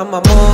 I'm a mom.